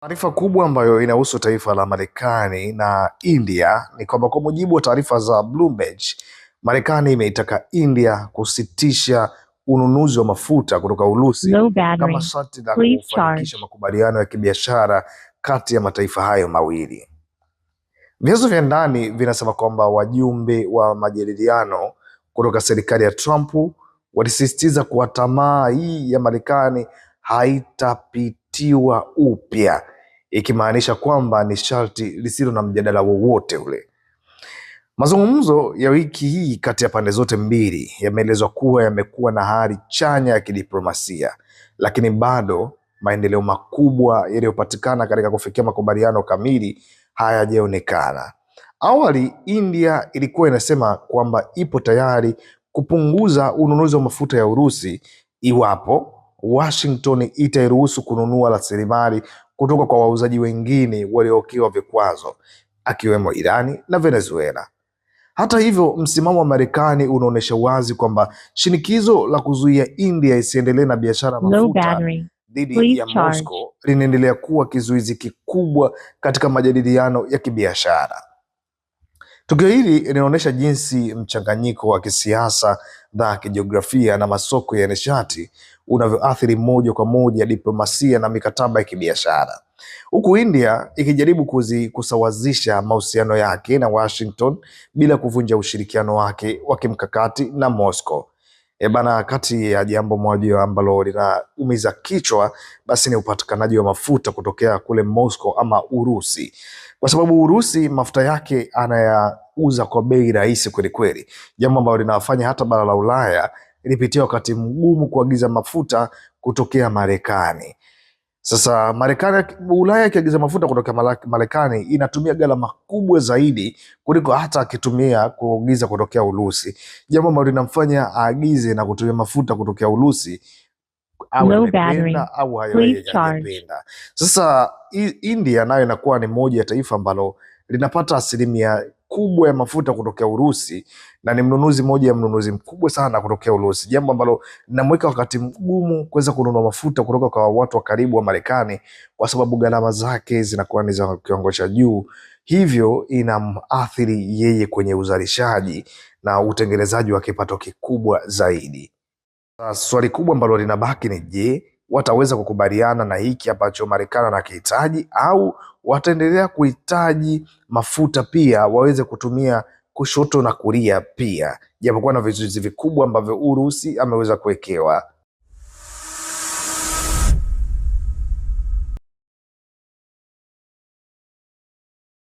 Taarifa kubwa ambayo inahusu taifa la Marekani na India ni kwamba kwa mujibu wa taarifa za Bloomberg, Marekani imeitaka India kusitisha ununuzi wa mafuta kutoka Urusi kama sharti la kufanikisha makubaliano ya kibiashara kati ya mataifa hayo mawili. Vyanzo vya ndani vinasema kwamba wajumbe wa majadiliano kutoka serikali ya Trump walisisitiza kuwa tamaa hii ya Marekani haitapitiwa upya, ikimaanisha kwamba ni sharti lisilo na mjadala wowote ule. Mazungumzo ya wiki hii kati ya pande zote mbili yameelezwa kuwa yamekuwa na hali chanya ya kidiplomasia, lakini bado maendeleo makubwa yaliyopatikana katika kufikia makubaliano kamili hayajaonekana. Awali India ilikuwa inasema kwamba ipo tayari kupunguza ununuzi wa mafuta ya Urusi iwapo Washington itairuhusu kununua rasilimali kutoka kwa wauzaji wengine waliokiwa vikwazo akiwemo Irani na Venezuela. Hata hivyo, msimamo wa Marekani unaonyesha wazi kwamba shinikizo la kuzuia India isiendelee na biashara mafuta dhidi ya Moscow linaendelea kuwa kizuizi kikubwa katika majadiliano ya kibiashara. Tukio hili linaonyesha jinsi mchanganyiko wa kisiasa, na kijiografia na masoko ya nishati unavyoathiri moja kwa moja diplomasia na mikataba ya kibiashara, huku India ikijaribu kuzi kusawazisha mahusiano yake na Washington bila kuvunja ushirikiano wake wa kimkakati na Moscow. E bana, kati ya jambo moja ambalo linaumiza kichwa basi ni upatikanaji wa mafuta kutokea kule Moscow ama Urusi, kwa sababu Urusi mafuta yake anayauza kwa bei rahisi kwelikweli, jambo ambalo linawafanya hata bara la Ulaya lipitia wakati mgumu kuagiza mafuta kutokea Marekani. Sasa Marekani, Ulaya akiagiza mafuta kutoka Marekani inatumia gharama kubwa zaidi kuliko hata akitumia kuagiza kutokea Urusi, jambo ambalo linamfanya aagize na kutumia mafuta kutokea Urusi au hayajapenda. Sasa India nayo inakuwa ni moja ya taifa ambalo linapata asilimia kubwa ya mafuta kutokea Urusi na ni mnunuzi moja ya mnunuzi mkubwa sana kutokea Urusi, jambo ambalo linamweka wakati mgumu kuweza kununua mafuta kutoka kwa watu wa karibu wa Marekani kwa sababu gharama zake zinakuwa ni za kiwango cha juu, hivyo inamathiri yeye kwenye uzalishaji na utengenezaji wa kipato kikubwa zaidi. Swali kubwa ambalo linabaki ni je, wataweza kukubaliana na hiki ambacho Marekani anakihitaji au wataendelea kuhitaji mafuta pia waweze kutumia kushoto na kulia pia, japokuwa na vizuizi vikubwa ambavyo Urusi ameweza kuwekewa.